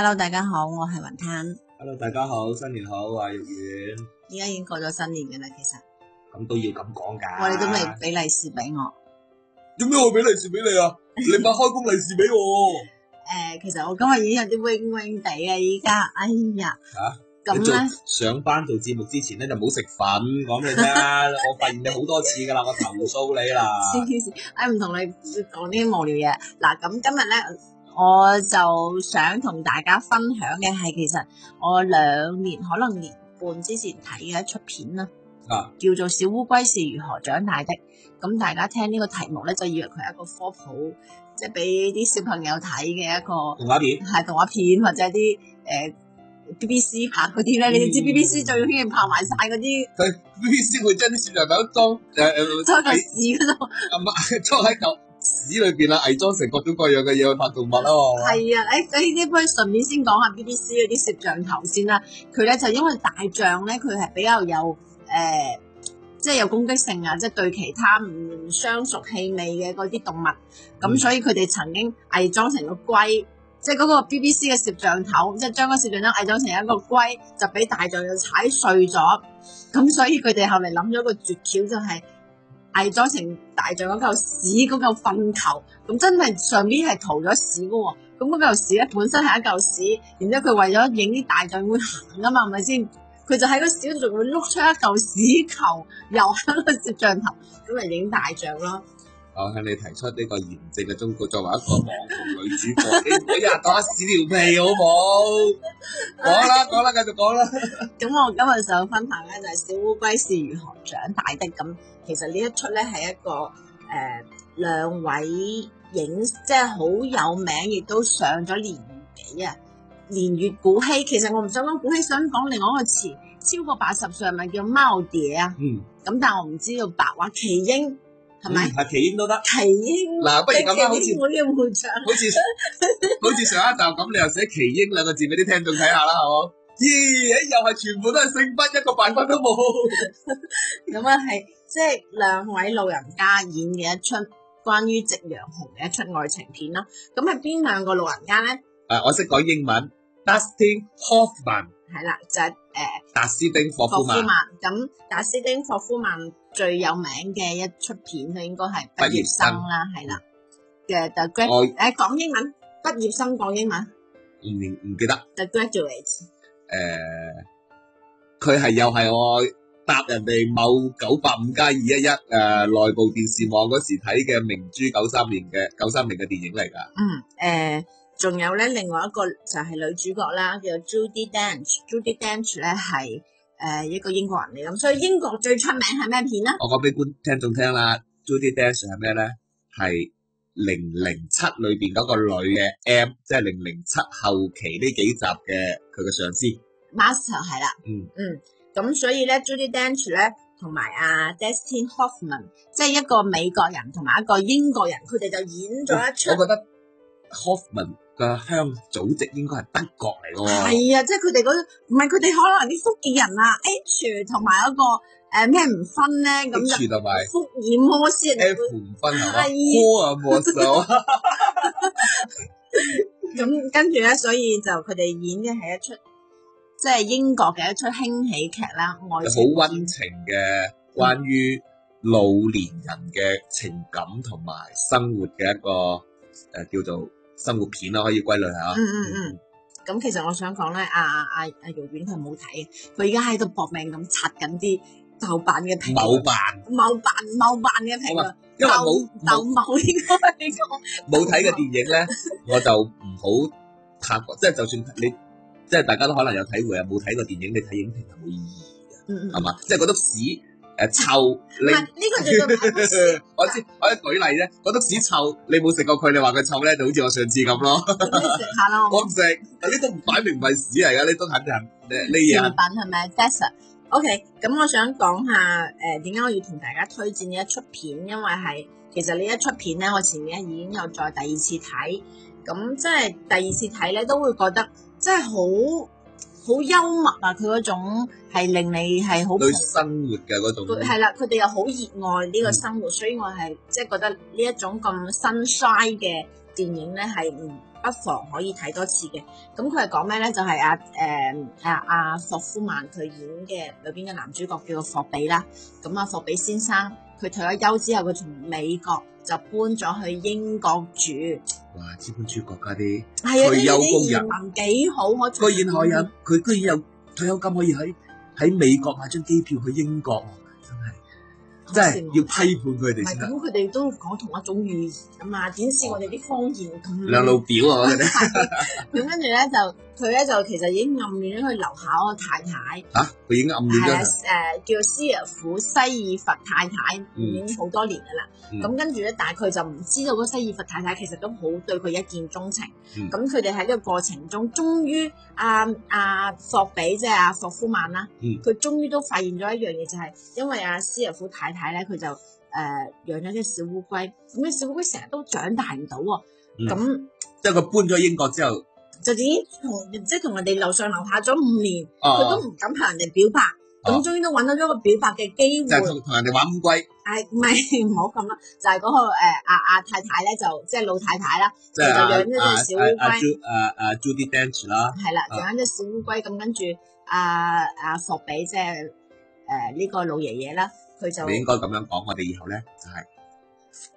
Hello，大家好，我係雲吞。Hello，大家好，新年好啊，玉圓。依家已經過咗新年嘅啦，其實。咁都要咁講噶。我哋都未俾利是俾我。點解我俾利是俾你啊？你買開工利是俾我。誒，其實我今日已經有啲暈暈地啊！依家，哎呀。吓？咁咧？上班做節目之前咧就冇食粉，講你聽？我發現你好多次噶啦，我投訴你啦。先先先，哎，唔同你講啲無聊嘢。嗱，咁今日咧。我就想同大家分享嘅係，其實我兩年可能年半之前睇嘅一出片啦，叫做《小烏龜是如何長大的》。咁大家聽呢個題目咧，就以為佢係一個科普，即係俾啲小朋友睇嘅一個動畫片，係動畫片或者啲誒、呃、BBC 拍嗰啲咧。嗯、你知 BBC、嗯、最中意拍埋晒嗰啲，佢、嗯、BBC 會將啲小朋友裝誒裝喺屎嗰度，坐喺度。呃 屎裏邊啊，偽裝成各種各樣嘅嘢去拍動物啊！係啊，誒，咁呢啲可以順便先講下 BBC 嗰啲攝像頭先啦。佢咧就因為大象咧，佢係比較有誒，即、呃、係、就是、有攻擊性啊，即、就、係、是、對其他唔相熟氣味嘅嗰啲動物，咁、嗯、所以佢哋曾經偽裝成個龜，即係嗰個 BBC 嘅攝像頭，即係將個攝像頭偽裝成一個龜，就俾、是就是、大象要踩碎咗。咁所以佢哋後嚟諗咗個絕橋就係、是。偽咗成大象嗰嚿屎嗰嚿糞球，咁真係上邊係塗咗屎噶喎，咁嗰嚿屎咧本身係一嚿屎，然之後佢為咗影啲大象會行噶嘛，係咪先？佢就喺嗰小度仲會碌出一嚿屎球，又喺個攝像頭咁嚟影大象咯。我向你提出呢個嚴正嘅忠告，作為一個網紅女主角， 你唔打、啊、 屎尿屁好唔好？講啦講啦，繼續講啦。咁 我今日想分享咧就係小烏龜是如何長大的咁。其實呢一出咧係一個誒、呃，兩位影即係好有名，亦都上咗年紀啊。年月古稀，其實我唔想講古稀，想講另外一個詞，超過八十歲係咪叫貓蝶啊？A, 嗯，咁但係我唔知道白話奇英係咪？係、嗯、奇英都得奇英嗱、啊，不如咁啦，好似 好似上一集咁，你又寫奇英兩個字俾啲聽眾睇下啦，係嘛？咦、 啊，又係全部都係剩翻一個辦法都冇咁啊，係。 即係兩位老人家演嘅一出關於夕陽紅嘅一出愛情片咯，咁係邊兩個老人家咧？誒，我識講英文，Dustin Hoffman 係啦，就係誒，達斯汀霍夫曼。霍夫曼咁，達斯汀霍夫曼最有名嘅一出片，佢應該係畢業生啦，係啦嘅 degree，誒，講英文，畢業生講英文，唔唔記得。The Graduate 誒，佢係又係我。搭人哋某九八五加二一一，誒內部電視網嗰時睇嘅，明珠九三年嘅九三年嘅電影嚟㗎。嗯誒，仲有咧，另外一個就係女主角啦，叫 Judy Dench。Judy Dench 咧係誒一個英國人嚟，咁所以英國最出名係咩片咧？我講俾觀聽眾聽啦，Judy Dench 係咩咧？係零零七裏邊嗰個女嘅 M，即係零零七後期呢幾集嘅佢嘅上司 Master 係啦。嗯嗯。咁所以咧，Judy Dench 咧，同埋阿 Dustin Hoffman，即係一個美國人，同埋一個英國人，佢哋就演咗一出。我覺得 Hoffman 嘅鄉祖籍應該係德國嚟嘅。係啊，即係佢哋嗰，唔係佢哋可能啲福建人啊，H 同埋一個誒咩唔分咧咁就福爾摩斯。F 唔分係嘛？啊，摩斯。咁跟住咧，所以就佢哋演嘅係一出。即係英國嘅一出輕喜劇啦，愛好溫情嘅，關於老年人嘅情感同埋生活嘅一個誒叫做生活片啦，可以歸類下。嗯嗯嗯。咁其實我想講咧，阿阿阿阿肉丸佢冇睇，佢而家喺度搏命咁刷緊啲豆瓣嘅片。某版。某版、某版嘅片。因為冇。冇冇應該係。冇睇嘅電影咧，我就唔好探，即係就算你。即係大家都可能有體會啊！冇睇過電影，你睇影評係冇意義嘅，係嘛？即係覺得屎誒臭，呢呢個叫做我知我舉例啫。覺得屎臭，你冇食過佢，你話佢臭咧，就好似我上次咁咯。我唔食，呢都唔擺明唔係屎嚟㗎。呢都肯定誒呢樣。精品係咪 OK。咁我想講下誒點解我要同大家推薦呢一出片，因為係其實呢一出片咧，我前面已經有再第二次睇，咁即係第二次睇咧都會覺得。真係好好幽默啊！佢嗰種係令你係好對生活嘅嗰種，係啦，佢哋又好熱愛呢個生活，嗯、所以我係即係覺得呢一種咁新鮮嘅電影咧係唔。不妨可以睇多次嘅。咁佢係講咩咧？就係阿誒誒阿霍夫曼佢演嘅裏邊嘅男主角叫做霍比啦。咁阿霍比先生佢退咗休之後，佢從美國就搬咗去英國住。哇！資本主義國家啲，係啊，退休工人幾好，可退休工人佢居然有退休金可以喺喺美國買張機票去英國，真係。即係要批判佢哋，唔係咁佢哋都講同一種語言啊嘛？點似我哋啲方言咁兩老表啊！咁跟住咧就佢咧就其實已經暗戀咗佢樓下嗰個太太嚇，佢、 啊、已經暗戀咗係啊叫斯爾夫西爾佛太太，已經好多年噶啦。咁跟住咧，嗯嗯、但係佢就唔知道嗰西爾佛太太其實都好對佢一見鍾情。咁佢哋喺呢個過程中，終於阿阿霍比即係阿霍夫曼啦，佢、啊、終於都發現咗一樣嘢，就係因為阿、啊、斯爾夫太，太太。睇咧，佢就誒養咗隻小烏龜。咁啲小烏龜成日都長大唔到，咁即係佢搬咗英國之後，就已經同即係同人哋樓上樓下咗五年，佢都唔敢向人哋表白。咁終於都揾到咗個表白嘅機會，就同同人哋玩烏龜。係唔係唔好咁咯？就係嗰個阿阿太太咧，就即係老太太啦，佢就養咗隻小烏龜，誒誒，do dance 啦，係啦，仲有啲小烏龜，咁跟住阿阿霍比，即係誒呢個老爺爺啦。就你應該咁樣講，我哋以後咧就係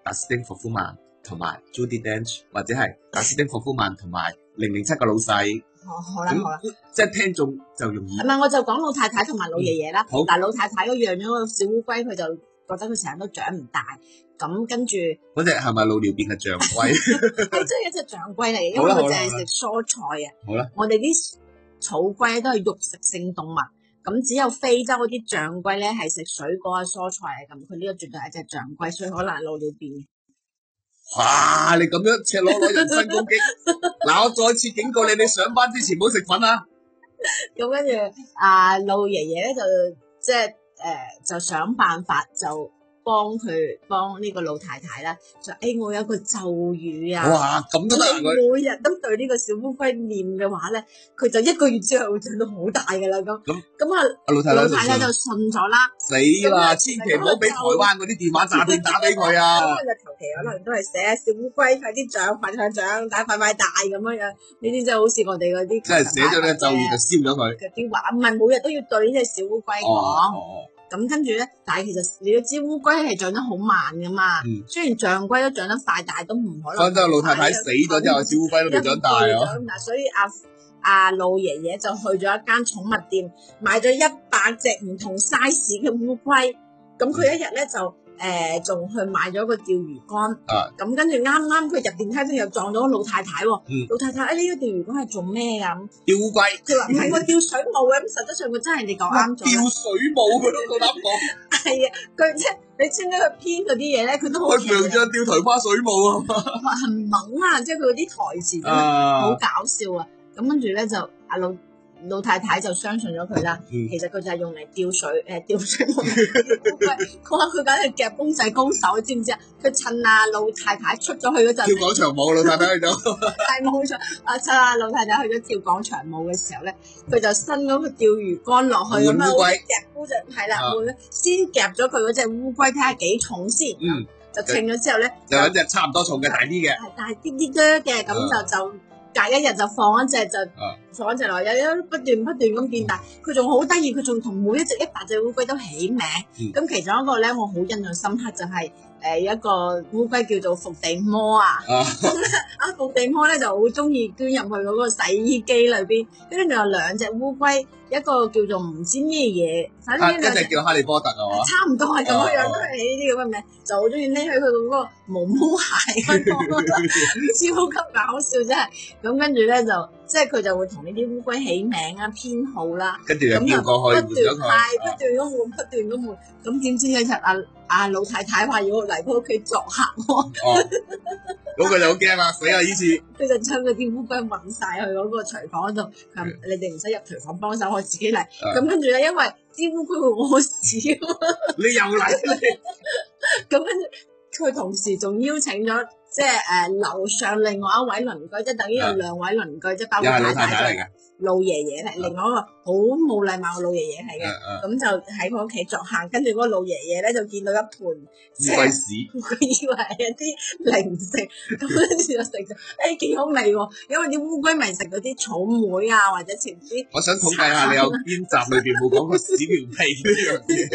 達斯汀霍夫曼同埋 Judy Dench，或者係達斯汀霍夫曼同埋零零七個老細。好啦好啦、啊，即係聽眾就容易。唔係，我就講老太太同埋老爺爺啦。好，但係老太太嗰樣樣小烏龜，佢就覺得佢成日都長唔大。咁跟住嗰隻係咪老鳥變嘅象龜？係真係一隻象龜嚟， 因為佢淨係食蔬菜啊。好啦吧，我哋啲草龜都係肉食性動物。咁只有非洲嗰啲象龜咧係食水果啊、蔬菜啊，咁佢呢個絕對係隻象龜，所以可能老了變。哇、啊！你咁樣赤裸裸人身攻擊，嗱 我再次警告你，你上班之前唔好食粉啊！咁跟住，阿、啊、老爺爺咧就即係誒，就想辦法就。幫佢幫呢個老太太啦，就、欸、誒我有個咒語啊，哇！咁你每日都對呢個小烏龜念嘅話咧，佢就一個月之後會長到好大噶啦咁。咁啊噢，老太太就信咗啦。死啦、啊，後千祈唔好俾台灣嗰啲電話詐騙打俾佢啊！咁、啊啊啊啊、就求其可能都係寫小烏龜快啲長快向長，但快快大咁樣樣。呢啲就係好似我哋嗰啲，即係寫咗呢咒語就燒咗佢。啲話唔係每日都要對呢隻小烏龜講。啊啊咁跟住咧，但係其實你都知烏龜係長得好慢噶嘛。嗯、雖然象龜都長得快，但係都唔可能。反正老太太死咗之後，隻烏龜都變咗大咯。嗱，所以阿、啊、阿、啊、老爺爺就去咗一間寵物店，買咗一百隻唔同 size 嘅烏龜。咁佢一日咧就。嗯誒，仲去買咗個釣魚竿，咁跟住啱啱佢入電梯先，又撞到個老太太。嗯、老太太，哎，呢個釣魚竿係做咩啊？釣龜，佢話唔係釣水母嘅，咁實質上佢真係你講啱咗，釣水母佢都好難講。係啊，佢即你清咗佢編嗰啲嘢咧，佢都可長將釣桃花水母啊，唔猛啊！即係佢嗰啲台詞好、uh, 搞笑啊。咁跟住咧就阿老，老。老太太就相信咗佢啦，其實佢就係用嚟釣水，誒釣水烏龜，佢話佢梗係夾公仔高手，知唔知啊？佢趁阿老太太出咗去嗰陣，跳廣場舞，老太太去咗，係冇錯。阿趁阿老太太去咗跳廣場舞嘅時候咧，佢就伸咗個釣魚竿落去，咁樣夾烏，係啦，先夾咗佢嗰隻烏龜，睇下幾重先，就稱咗之後咧，有一隻差唔多重嘅大啲嘅，係，但係啲啲啫嘅，咁就就。隔一日就放一隻就放、啊、一隻落，有咗不斷不斷咁變大，佢仲好得意，佢仲同每一隻一百隻烏龜都起名，咁、嗯、其中一個咧，我好印象深刻就係。誒一個烏龜叫做伏地魔、oh, 啊，咁咧阿伏地魔咧就好中意捐入去嗰個洗衣機裏邊，跟住仲有兩隻烏龜，一個叫做唔知咩嘢，反正有兩隻，一隻叫哈利波特啊嘛，差唔多係咁樣樣，都係呢啲叫乜名，就好中意匿喺佢嗰個毛毛鞋 超級搞笑真係，咁、啊、跟住咧就。即係佢就會同呢啲烏龜起名啊、編號啦，跟住又跳過去不斷咁換、不斷咁換。咁點知有一日啊，阿老太太話要嚟佢屋企作客，嗰個就好驚啊！死啊！呢次，佢就將嗰啲烏龜揾晒去嗰個廚房嗰度，你哋唔使入廚房幫手，我自己嚟。咁跟住咧，因為啲烏龜會屙屎，你又嚟，咁跟住佢同時仲邀請咗。即係誒、呃、樓上另外一位鄰居，即係等於有兩位鄰居，即係的包括太太。老爺爺係另外一個好冇禮貌嘅老爺爺嚟嘅，咁就喺佢屋企作客，跟住嗰個老爺爺咧就見到一盤烏龜屎，佢以為係一啲零食，咁跟住就食咗，誒幾好味喎，因為啲烏龜咪食嗰啲草莓啊或者食啲，我想統計下你有邊集裏邊冇講過屎尿屁呢啲，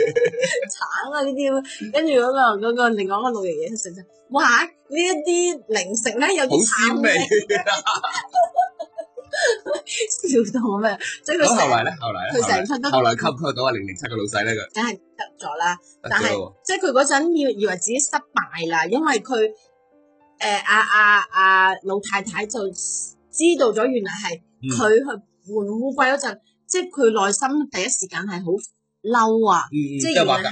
慘 啊呢啲，跟住嗰、嗰個嗰、嗰個嗰個另外一個老爺爺食咗，哇呢一啲零食咧有啲好味，。 笑到我咩？即係佢成，佢成日出得？後來吸唔吸到啊？零零七個老細咧，佢梗係得咗啦。但係即係佢嗰陣，以以為自己失敗啦，因為佢誒阿阿阿老太太就知道咗，原來係佢去換烏龜嗰陣，即係佢內心第一時間係好嬲啊！嗯、即係係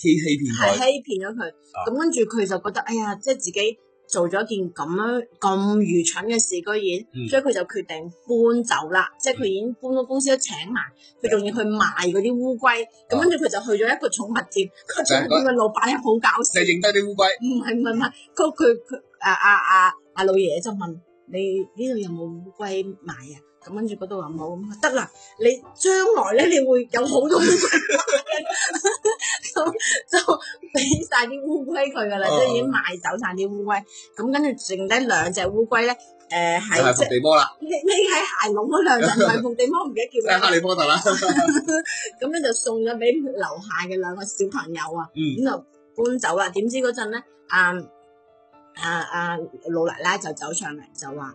欺欺騙，係欺騙咗佢。咁、啊、跟住佢就覺得，哎呀，即、哎、係自己。做咗一件咁樣咁愚蠢嘅事，居然，所以佢就決定搬走啦。嗯、即係佢已經搬咗公司都請埋，佢仲、嗯、要去賣嗰啲烏龜。咁跟住佢就去咗一個寵物店，個寵物店嘅老闆係好搞笑，就認得啲烏龜。唔係唔係唔係，個佢佢啊啊啊啊老爺爺就問你呢度有冇烏龜賣啊？咁跟住嗰度話冇，得啦，你將來咧你會有好多烏龜。 就都俾晒啲烏龜佢噶啦，即係、嗯、已經賣走晒啲烏龜，咁跟住剩低兩隻烏龜咧，誒喺即伏地魔啦，匿喺鞋籠嗰兩隻唔係伏地魔，唔記得叫咩？哈利波特啦，咁咧就送咗俾樓下嘅兩個小朋友、嗯、啊，咁就搬走啦。點知嗰陣咧，阿阿阿老奶奶就走上嚟，就話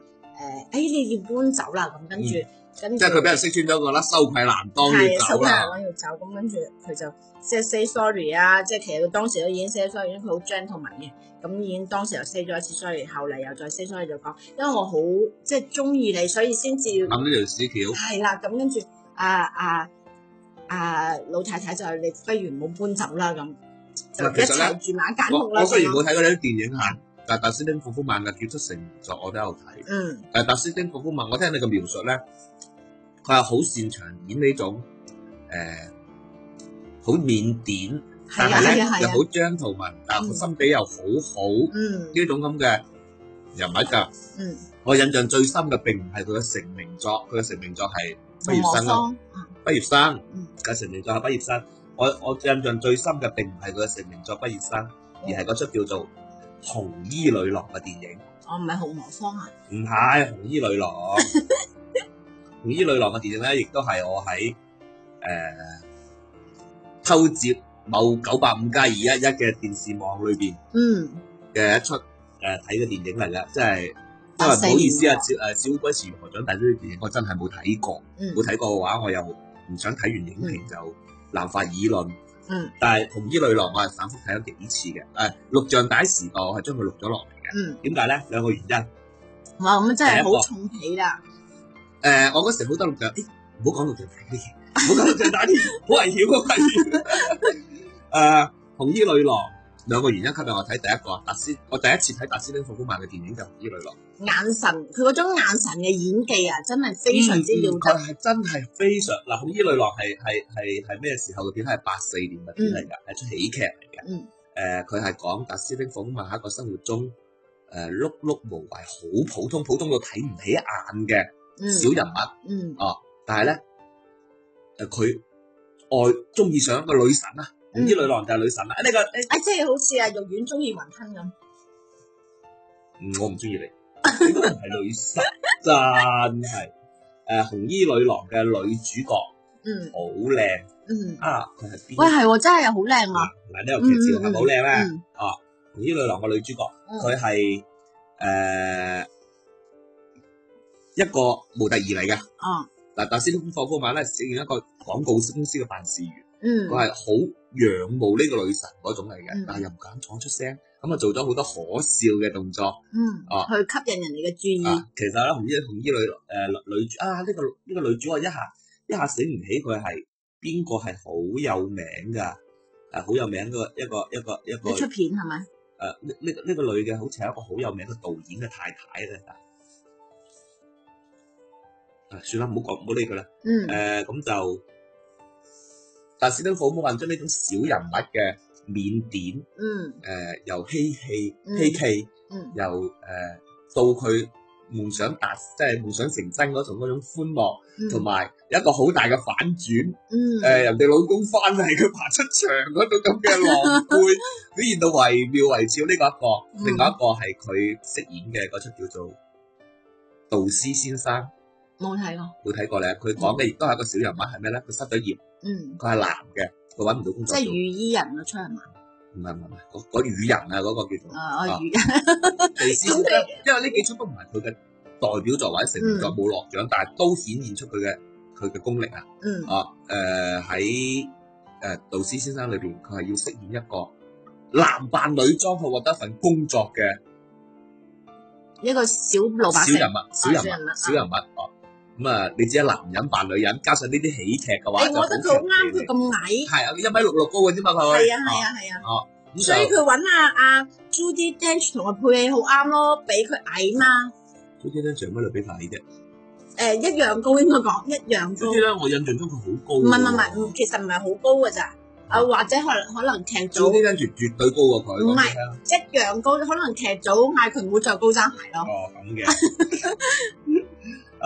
誒，哎你要搬走啦，咁跟住。嗯即係佢俾人識穿咗，嗰啦，羞愧難當要走啦。係啊，羞愧難當要走，咁跟住佢就即係 say sorry 啊！即係其實佢當時都已經 say sorry，因為佢好 gentleman 嘅，咁已經當時又 say 咗一次 sorry，後嚟又再 say sorry 就講，因為我好即係中意你，所以先至要諗呢條死橋。係啦，咁跟住啊啊啊，老太太就話你，不如唔好搬走啦，咁就一齊住埋一間屋啦。我雖然冇睇過呢啲電影啊。但達斯丁·庫夫曼嘅幾出成名作我都有睇。嗯。但達斯丁·庫夫曼，我聽你嘅描述咧，佢係好擅長演呢種誒，好靦腆，但係咧又好 gentleman，但係佢心地又好好呢種咁嘅人物噶。嗯。我印象最深嘅並唔係佢嘅成名作，佢嘅成名作係《畢業生》咯，《畢業生》，佢嘅成名作係《畢業生》，我我印象最深嘅並唔係佢嘅成名作《畢業生》，而係嗰出叫做。紅衣女郎嘅電影，我唔係紅魔方啊，唔係紅衣女郎。紅衣 女郎嘅電影咧，亦都係我喺誒偷接某九八五加二一一嘅電視網裏邊嘅 一出誒睇嘅電影嚟嘅，即係啊唔好意思啊，嗯嗯、小誒小鬼是如何長大呢啲電影我真係冇睇過，冇睇過嘅話，我又唔想睇完影評就濫發議論。嗯嗯嗯嗯嗯，但係《紅衣女郎》我係反復睇咗幾次嘅，誒、呃，時時《錄像帶時代》我係將佢錄咗落嚟嘅，嗯，點解咧？兩個原因，哇，咁、嗯、真係好重起啦，誒、呃，我嗰時好多錄像，唔好講錄像帶啲嘢，唔好講錄像帶啲嘢，好 危險個鬼，誒、 啊，《紅衣女郎》。兩個原因吸引我睇，第一個達斯，我第一次睇達斯汀·霍夫曼嘅電影就是《紅衣女郎》。眼神，佢嗰種眼神嘅演技啊，真係、嗯嗯、非常之用。佢係真係非常嗱，《紅衣女郎》係係係係咩時候嘅片？係八四年嘅片嚟㗎，係、嗯、出喜劇嚟嘅。誒、嗯，佢係講達斯汀·霍夫曼喺一個生活中誒碌碌無為、好普通、普通到睇唔起眼嘅小人物。嗯嗯嗯、哦，但係咧，誒佢愛中意上一個女神啊！紅衣女郎就係女神啦！呢個啊，即係好似啊肉丸中意雲吞咁。嗯，我唔中意你，你都唔係女神真係誒！紅衣女郎嘅女主角，嗯，好靚，嗯啊，佢係邊喂，係真係好靚啊！嗱，呢個劇照係好靚咧。哦，紅衣女郎嘅女主角，佢係誒一個模特兒嚟嘅。哦，嗱，頭先霍夫曼咧，飾演一個廣告公司嘅辦事員。嗯，佢係好。仰慕呢個女神嗰種嚟嘅，但係又唔敢講出聲，咁啊做咗好多可笑嘅動作，嗯，啊、嗯、去吸引人哋嘅注意。嗯注意啊、其實咧，紅衣紅衣女，誒、呃、女主啊，呢、這個呢、這個女主啊，一下一下醒唔起佢係邊個係好有名噶，係、啊、好有名個一個一個一個。一個一個出片係咪？誒呢呢呢個女嘅，好似係一個好有名嘅導演嘅太太咧。啊，算啦，唔好講，唔好呢個啦。嗯。誒咁、呃、就。但史登虎冇辦法將呢種小人物嘅面點，嗯，誒、呃，由嬉戲、嬉戲，嗯，嘻嘻由誒、呃、到佢夢想達，即係夢想成真嗰種嗰種歡樂，同埋、嗯、一個好大嘅反轉，嗯，誒、呃，人哋老公翻嚟佢爬出牆嗰種咁嘅狼狽，表現 到惟妙惟肖。呢、這個一個，另外一個係佢飾演嘅嗰出叫做《道士先生》。冇睇過，冇睇過咧。佢講嘅亦都係一個小人物呢，係咩咧？佢失咗業，嗯，佢係男嘅，佢搵唔到工作，即係雨衣人啊！出嚟嘛？唔係唔係唔係，嗰、那、嗰、個、人啊，嗰、那個叫做啊雨人。其實，因為呢幾出都唔係佢嘅代表作或者成就冇、嗯、落獎，但係都顯現出佢嘅佢嘅功力、嗯、啊。嗯、呃，哦，誒喺誒道士先生裏邊，佢係要飾演一個男扮女裝，去獲得份工作嘅一個小老百、啊、小人物，小人物，小人物哦。咁啊，你只係男人扮女人，加上呢啲喜劇嘅話，誒，你覺得佢好啱，佢咁矮，係啊，佢一米六六高嘅啫嘛，佢係啊，係啊，係啊，哦，所以佢揾阿阿 Judy Dench 同佢配戲好啱咯，比佢矮嘛。Judy Dench 怎麼嚟比矮啫？誒，一樣高應該講一樣高。Judy Dench 我印象中佢好高。唔係唔係唔，其實唔係好高嘅咋，啊，或者可可能劇組。Judy Dench 絕對高過佢，唔係即係一樣高，可能劇組嗌佢唔好著高踭鞋咯。哦，咁嘅，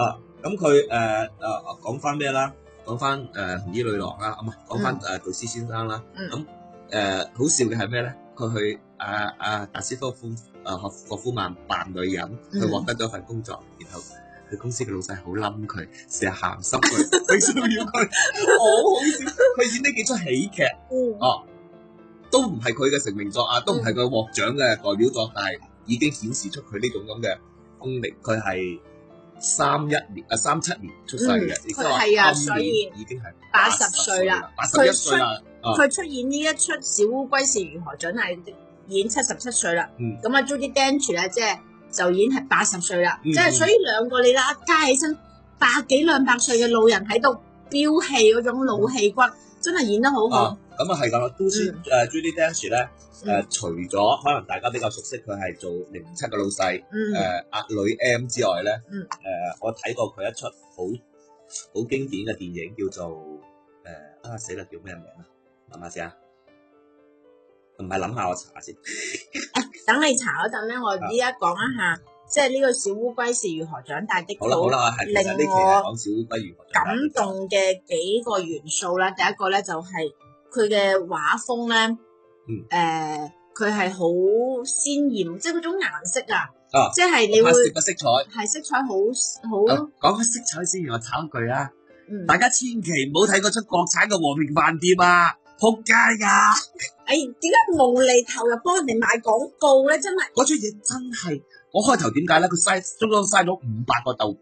啊。咁佢誒啊講翻咩啦？講翻誒紅衣女郎啦，唔係講翻誒杜絲先生啦。咁、嗯、誒、嗯嗯、好笑嘅係咩咧？佢去阿阿、啊啊、達斯科夫誒霍夫曼扮女人，佢獲得咗份工作，然後佢公司嘅老細好冧佢，成日咸濕佢，笑料佢，好、哦、好笑。佢演呢幾出喜劇，哦，都唔係佢嘅成名作啊，都唔係佢獲獎嘅代表作，但係已經顯示出佢呢種咁嘅功力，佢係。三一年啊，三七年出世嘅，佢家話今年已經係八十歲啦，八十一歲啦。佢出演呢、嗯、一出《小烏龜是如何準》準係演七十七歲啦。咁啊，Judy Dench 咧，即係就演係八十歲啦。即係、嗯、所以兩個你啦加起身百幾兩百歲嘅老人喺度飆戲嗰種老戲骨，嗯嗯，真係演得好好。啊咁啊，係噶都先。誒 Judi Dench 咧，誒， 嗯、除咗可能大家比較熟悉佢係做零七嘅老細，誒、嗯，阿、呃、女 M 之外咧，誒、嗯呃，我睇過佢一出好好經典嘅電影，叫做誒、呃、啊死啦！叫咩名啊？諗下先啊，唔係諗下我查下先。 等你查嗰陣咧，我依家講一下，即係呢個小烏龜是如何長大的好啦，好啦，係呢期講小烏龜如何長大的嗰個令我感動嘅幾個元素啦。第一個咧就係、是。佢嘅畫風咧，誒、嗯，佢係好鮮艷，即係嗰種顏色啊，即係你會係色，色，色彩好好，講、啊嗯、個色彩先，我插一句啦，嗯、大家千祈唔好睇嗰出國產嘅《和平飯店》啊，扑街噶！哎，點解無厘頭又、啊、幫人哋賣廣告咧？真係嗰出嘢真係，我開頭點解咧？佢嘥，總共嘥咗五百個豆，誒誒誒，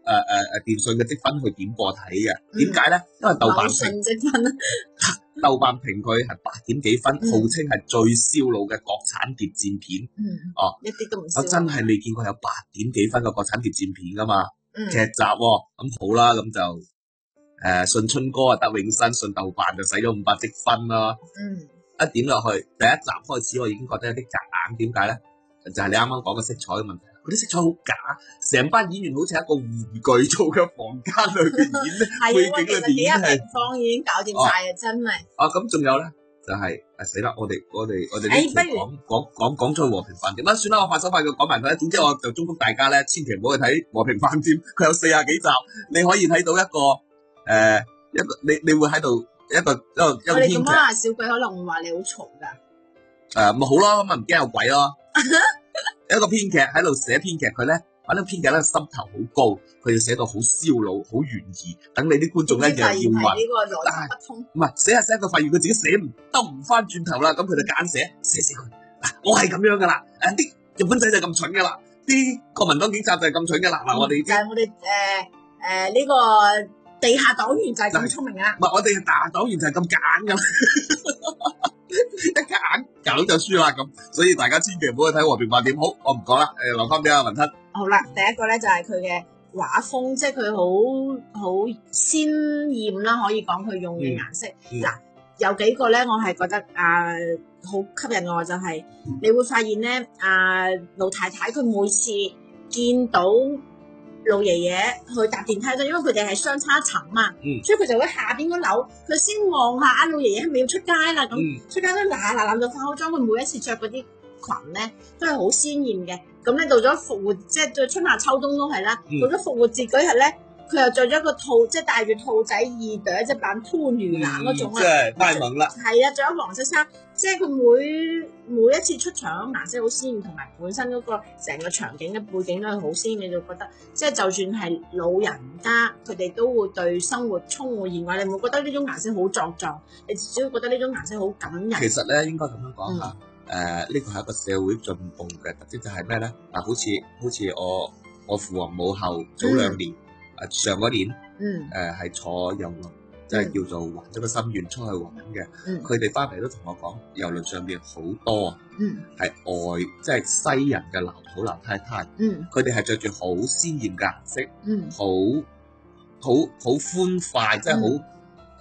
電信嘅積分去點播睇嘅？點解咧？因為豆瓣積分。嗯豆瓣評佢係八點幾分，嗯、號稱係最燒腦嘅國產諜戰片。哦、嗯，啊、一啲都唔，我真係未見過有八點幾分嘅國產諜戰片㗎嘛。嗯、劇集喎、啊，咁好啦，咁就誒、呃，信春哥啊得永生信豆瓣就使咗五百積分啦、啊。嗯，一點落去第一集開始，我已經覺得有啲夾硬，點解咧？就係、是、你啱啱講嘅色彩嘅問題。啲色彩好假，成班演員好似一個玩具做嘅房間裏邊演咧，每、 就是、幾個演咧係。放映已經搞掂晒啦，真係、啊。哦、啊，咁仲有咧，就係誒死啦！我哋我哋我哋呢度講講講講出《和平飯店》啦，算啦，我快手快腳講埋佢啦。總之我就祝福大家咧，千祈唔好去睇《和平飯店》，佢有四十幾集，你可以睇到一個誒一個你你，你會喺度一個一個一個。你點開下小鬼，可能會話你好嘈㗎。誒、啊，咪好啦，咁咪唔驚有鬼咯。 一個編劇喺度寫編劇，佢咧，嗰啲編劇咧，心頭好高，佢就寫到好燒腦、好懸疑，等你啲觀眾咧，又要暈。不通唔係寫下寫，佢發現佢自己寫唔兜唔翻轉頭啦，咁佢就揀寫，寫寫佢。嗱，我係咁樣噶啦。誒，啲日本仔就係咁蠢噶啦，啲國民黨警察就係咁蠢噶啦。嗱，我哋就係我哋誒誒呢個地下黨員就係咁聰明啊！唔係，我哋打黨員就係咁揀噶啦。一夾眼咁就輸啦咁，所以大家千祈唔好去睇和平畫點好，我唔講啦，誒留翻俾阿雲吞。好啦，第一個咧就係佢嘅畫風，即係佢好好鮮豔啦，可以講佢用嘅顏色。嗱，有幾個咧，我係覺得啊好吸引我就係，你會發現咧啊，老太太佢每次見到。老爺爺去搭電梯都，因為佢哋係相差層啊嘛，嗯、所以佢就會喺下邊嗰樓，佢先望下啊！老爺爺係咪要出街啦？咁、嗯、出街都嗱嗱，諗到化好妝，佢每一次着嗰啲裙咧都係好鮮豔嘅。咁咧到咗復活，即係對春夏秋冬都係啦。到咗復活節嗰日咧。嗯佢又着咗個兔，即係戴住兔仔耳朵一隻版潘粵蘭嗰種啊、嗯，即係太萌啦。係啊、嗯，着咗黃色衫，即係佢每每一次出場，嗰顏色好鮮，同埋本身嗰個成個場景嘅背景都係好鮮，你就覺得即係就算係老人家，佢哋都會對生活充滿熱愛。你唔會覺得呢種顏色好作狀，你只會覺得呢種顏色好感人。其實咧，應該咁樣講啦。誒、嗯，呢個係一個社會進步嘅特徵就，就係咩咧？嗱，好似好似我我父王母後早兩年。嗯啊！上嗰年，誒係、嗯呃、坐遊輪，即、就、係、是、叫做還咗個心願出去玩嘅。佢哋翻嚟都同我講，遊輪上邊好多，係外即係西人嘅老土老太太。佢哋係着住好鮮豔嘅顏色，好好好歡快，即係好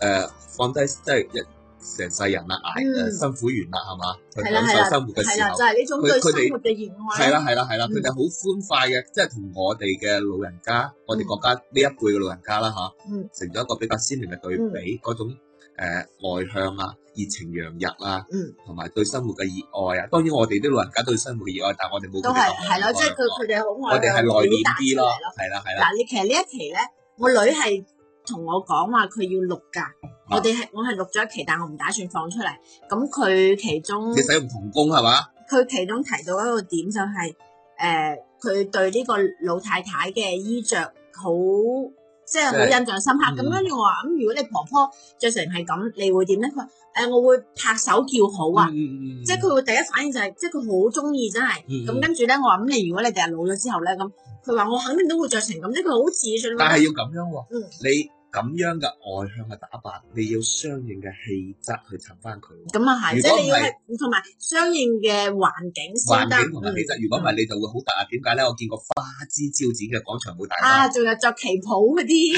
誒放低，即係一。成世人啦，捱辛苦完啦，係嘛？去享受生活嘅時候，就係呢種對佢佢哋嘅熱愛，係啦係啦係啦，佢哋好歡快嘅，即係同我哋嘅老人家，我哋國家呢一輩嘅老人家啦吓，成咗一個比較鮮明嘅對比，嗰種誒外向啊、熱情洋溢啊，同埋對生活嘅熱愛啊。當然我哋啲老人家對生活嘅熱愛，但係我哋冇見到，係咯，即係佢佢哋好，我哋係內斂啲咯，係啦係啦。嗱，你其實呢一期咧，我女係。同我講話佢要錄噶，啊、我哋係我係錄咗一期，但係我唔打算放出嚟。咁佢其中，佢使唔同工係嘛？佢其中提到一個點就係、是，誒、呃，佢對呢個老太太嘅衣着好，即係好印象深刻。咁跟住我話，咁如果你婆婆着成係咁，你會點咧？佢誒，我會拍手叫好啊！嗯嗯、即係佢會第一反應就係、是，即係佢好中意真係。咁跟住咧，嗯嗯、我話咁你，如果你第日老咗之後咧，咁。佢話我肯定都會着成咁，即佢好自信。但係要咁樣喎，嗯、你咁樣嘅外向嘅打扮，你要相應嘅氣質去襯翻佢。咁啊係，如果唔係，同埋相應嘅環境先得。環境同氣質，其實如果唔係，你就會好突。點解咧？我見過花枝招展嘅廣場舞大媽。啊，仲有着旗袍嗰啲、哎，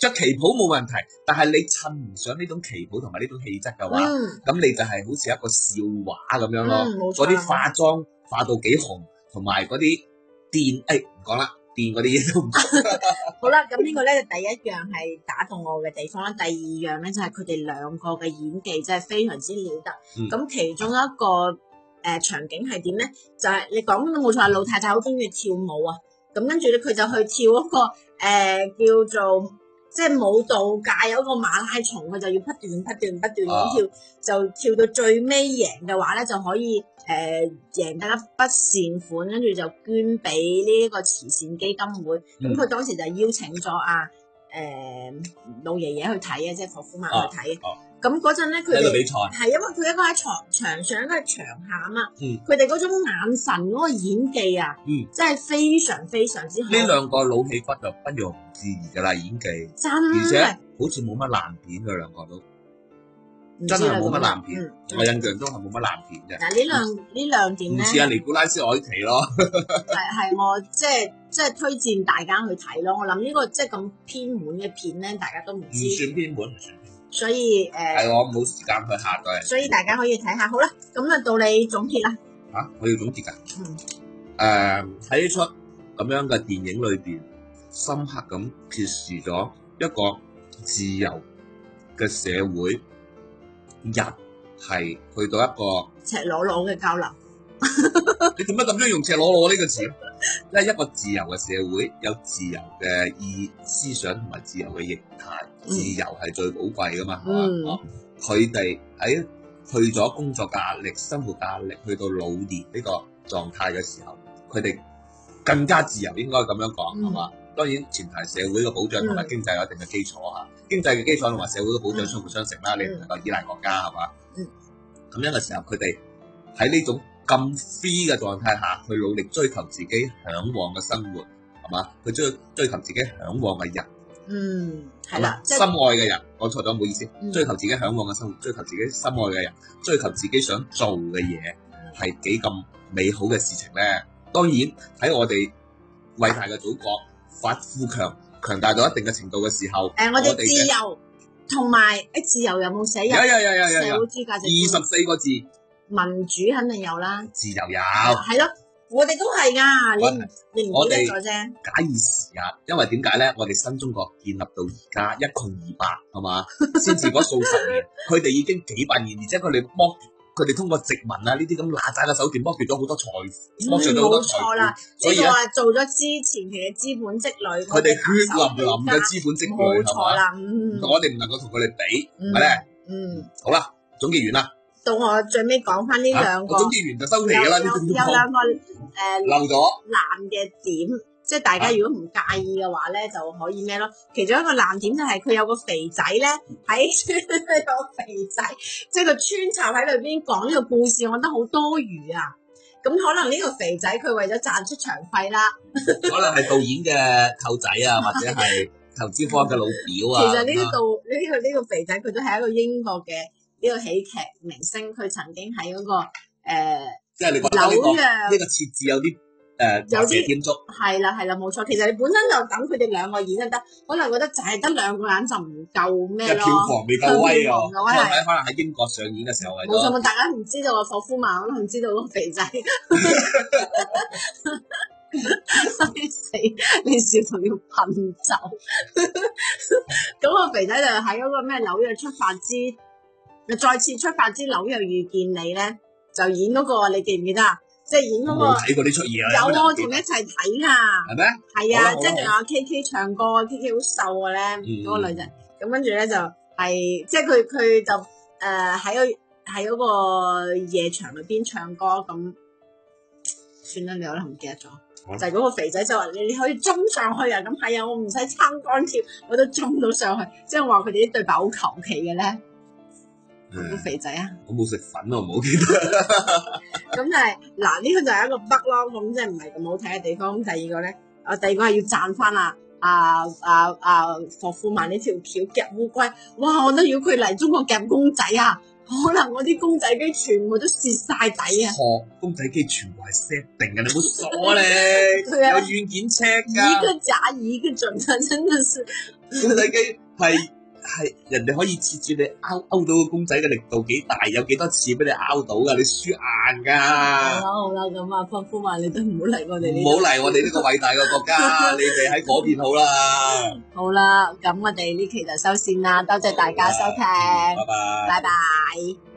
着旗袍冇問題，但係你襯唔上呢種旗袍同埋呢種氣質嘅話，咁、嗯、你就係好似一個笑話咁樣咯。做啲、嗯、化妝化到幾紅，同埋嗰啲。電誒唔講啦，電嗰啲嘢，都唔講。 好啦，咁呢個咧 就第一樣係打動我嘅地方啦，第二樣咧就係佢哋兩個嘅演技真係、就是、非常之了得。咁、嗯、其中一個誒、呃、場景係點咧？就係、是、你講都冇錯，老太太好中意跳舞啊。咁跟住咧，佢就去跳嗰個誒、呃、叫做。即係舞蹈界，有一個馬拉松，佢就要不斷不斷不斷咁跳，就跳到最尾贏嘅話咧，就可以誒、呃、贏得一筆善款，跟住就捐俾呢個慈善基金會。咁佢當時就邀請咗阿誒老爺爺去睇嘅，即係霍夫曼去睇。啊啊咁嗰陣咧，佢係因為佢一個喺場場上，一個喺場下啊嘛。佢哋嗰種眼神嗰個演技啊，嗯、真係非常非常之好。呢兩個老戲骨就不容置疑噶啦，演技，的而且好似冇乜爛片，佢兩個都真係冇乜爛片。我印象中係冇乜爛片嘅。嗱、嗯、呢兩呢兩點唔似阿尼古拉斯凱奇咯。係 係我即係即係推薦大家去睇咯。我諗呢個即係咁偏門嘅片咧，大家都唔知。唔算偏門，唔算偏。所以誒，係、嗯、我冇時間去下載。所以大家可以睇下，好啦，咁啊到你總結啦。吓、啊，我要總結噶？嗯。誒、呃，喺呢出咁樣嘅電影裏邊，深刻咁揭示咗一個自由嘅社會，人係去到一個赤裸裸嘅交流。 你做乜咁樣用赤裸裸呢個詞？ 因為一個自由嘅社會有自由嘅意思想同埋自由嘅形態，自由係最寶貴噶嘛，係嘛、嗯？佢哋喺去咗工作嘅壓力、生活嘅壓力，去到老年呢個狀態嘅時候，佢哋更加自由，應該咁樣講係嘛？當然，前提社會嘅保障同埋經濟有一定嘅基礎吓，經濟嘅基礎同埋社會嘅保障相輔相成啦，嗯、你唔能夠依賴國家係嘛？嗯，咁樣嘅時候，佢哋喺呢種。咁 free 嘅狀態下去努力追求自己向往嘅生活，係嘛？去追追求自己向往嘅人，嗯，係啦，心愛嘅人，講錯咗唔好意思。追求自己向往嘅生活，追求自己心愛嘅人，追求自己想做嘅嘢，係幾咁美好嘅事情咧？當然喺我哋偉大嘅祖國發富強強大到一定嘅程度嘅時候，誒，我哋自由同埋啲自由有冇寫有，有，有，有，有，值二十四個字。民主肯定有啦，自由有，係咯，我哋都係噶，你唔記得咗啫。假以時日，因為點解咧？我哋新中國建立到而家一窮二白，係嘛，先至過數十年，佢哋已經幾百年，而且佢哋剝，佢哋通過殖民啊呢啲咁爛仔嘅手段剝奪咗好多財富，剝奪咗好多財富。冇錯啦，所以我話做咗之前嘅資本積累，佢哋血淋淋嘅資本積累，冇錯啦。我哋唔能夠同佢哋比，係咪？嗯，好啦，總結完啦。到我最尾講翻呢兩個，總結完就收皮㗎喇。有有兩個咗，爛、呃、嘅了點，即係大家如果唔介意嘅話咧，啊、就可以咩咯。其中一個爛點就係佢有個肥仔咧喺，嗯、有個肥仔，即係佢穿插喺裏邊講呢個故事，我覺得好多餘啊。咁可能呢個肥仔佢為咗賺出場費啦，可能係導演嘅舅仔啊，或者係投資方嘅老表啊。其實呢個呢個呢個肥仔佢都係一個英國嘅。呢個喜劇明星佢曾經喺嗰、即係誒紐約呢個設置有啲誒有啲建築係啦係啦冇錯，其實你本身就等佢哋兩個演先得，可能覺得就係得兩個眼就唔夠咩咯，票房未夠威啊！可能喺英國上演嘅時候，我冇錯，大家唔知道啊，霍夫曼，可能唔知道嗰個肥仔，衰死啲小朋友噴酒咁，個肥仔就喺嗰個咩紐約出發之。再次出發之樓又遇見你咧，就演嗰、嗰個你記唔記得啊？即係演嗰個。我睇過呢出嘢啊！有我同你一齊睇啊！係咩？係啊，即係仲有 K K 唱歌，K K 好瘦嘅咧，嗰個女仔。咁跟住咧就係即係佢佢就誒喺喺嗰個夜場裏邊唱歌咁。算啦，你可能唔記得咗，了就係嗰個肥仔就話你你可以衝上去啊！咁係啊，我唔使撐杆跳我都衝到上去，即係話佢哋啲對白好求其嘅咧。肥仔啊！我冇食粉，啊，我冇記得。咁但係嗱，呢個就係一個北咯，咁即係唔係咁好睇嘅地方。咁第二個咧，啊，第二個係要賺翻啊。啊啊啊，霍富曼呢條橋夾烏龜，哇！我都要佢嚟中國夾公仔啊！可能我啲 公仔機全部都蝕晒底啊！學公仔機全部係 set 定嘅，你冇傻你，佢有軟件尺 h e c k 噶。一個假耳，一、這個真嘅，真的是你 機係。係人哋可以切住你勾勾到個公仔嘅力度幾大，有幾多次俾你勾到噶？你輸硬噶，啊。好啦，咁啊，吩咐話你都唔好嚟我哋唔好嚟我哋呢個偉大嘅國家， 你哋喺嗰邊好啦。 好啦，啊，咁我哋呢期就收線啦，多謝大家收聽，啊。拜拜。拜拜。拜拜。